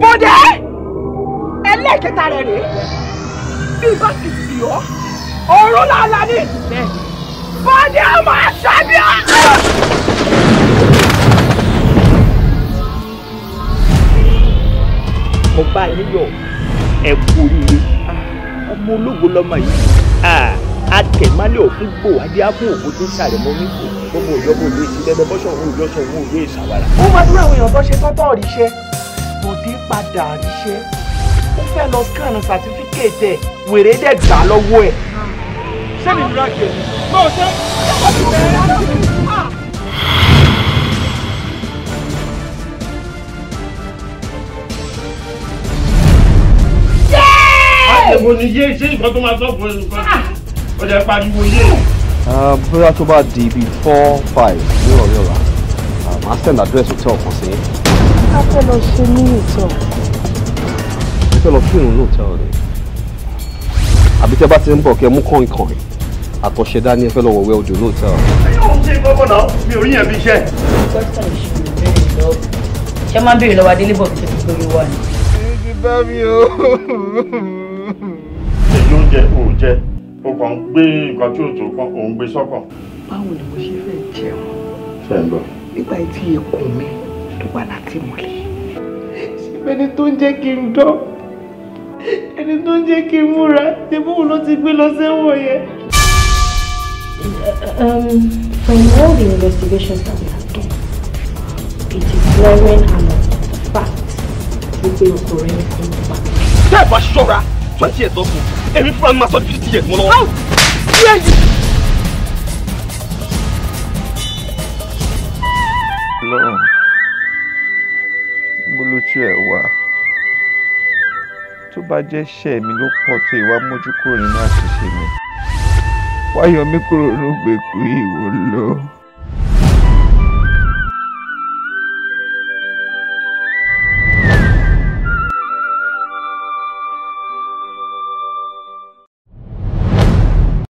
bọ́dẹ̀ ẹlẹ́kẹta rẹ̀ rèé bí bá ti bì ọ́ ọ̀run làlà ni bọ́dẹ̀ ọmọ àṣàbí ọ́. mo bá yín yọ̀ ẹ kú oríire ọmọ ológo lọmọ yìí atẹ̀málẹ̀ òfin gbò adé ápò òkú tí ń sàrẹ̀ mọ́ mi kò gbogbo ìjọba òye ti dẹ́dẹ́ bọ́sọ̀ òun ìjọsọ̀ òun òye ìsàwárà. ó máa dúró àwọn èèyàn tó ṣe tọ́tọ́ rí iṣẹ́ Bọ̀dé padà ríṣẹ́. Ó fẹ́ lọ scan sàtífíkèètì ẹ̀, wèrè dẹ̀ gbà lọ́wọ́ ẹ̀. Ṣé mi rà jẹ̀? Mo ṣe Èwo ni yé ṣé nǹkan tó máa sọ̀kùn ẹnu kan? Ah! Ọjà pariwo yé. Ah, bóyá tó bá di bíi four five ní ọ̀rẹ́ ọ̀la, màá send address hotel kan sí yín a fẹ́ lọ ṣe ní ìtọ́. ẹ fẹ́ lọ kírun lóòótọ́ rẹ̀ àbí tẹ́ bá ti ń bọ̀ kẹ́ mú kàn kàn rẹ̀ àtọ̀ṣe dání ẹ fẹ́ lọ wọ̀wẹ́ odò lóòótọ́. ẹ yóò ṣe gbọ́gbọ́nà mi ò rí yẹn bí iṣẹ́. dókítà ìṣòro bẹ́ẹ̀ lọ ṣé máa ń béèrè lọ́wọ́ adélébọ̀ tó ti gbórí wa ni. èyí ti o. èyí jẹ o kàn ń gbé nǹkan tí ò tó kàn ò ń gbé sọ́kàn. báwo ni mo ṣe fẹ́ jẹun. ṣe ń bọ̀. nígbà tí ikùn mi tó wà látìmọ́lé. ṣèbẹ́ni tó ń jẹ́ kí n dán ẹni tó ń jẹ́ kí n múra ṣe bóun ló ti gbé lọ sẹ́wọ̀n yẹn. Um, from all the investigations that we have done, it is glaring and a fact wípé ọkùnrin ní kò ń pa. tẹ́ ẹ bá ṣọ́ra twenty years ọkùn èmi fúnra mi máa sọ fifty years mọ́ lọ́wọ́. lọ́rùn lójú ẹ̀ wá tó bá jẹ́ ṣẹ́ mi ló pọ̀ tó ìwà mójú kúrò nínú àṣìṣe mi wá kúrò nínú ìwò lọ.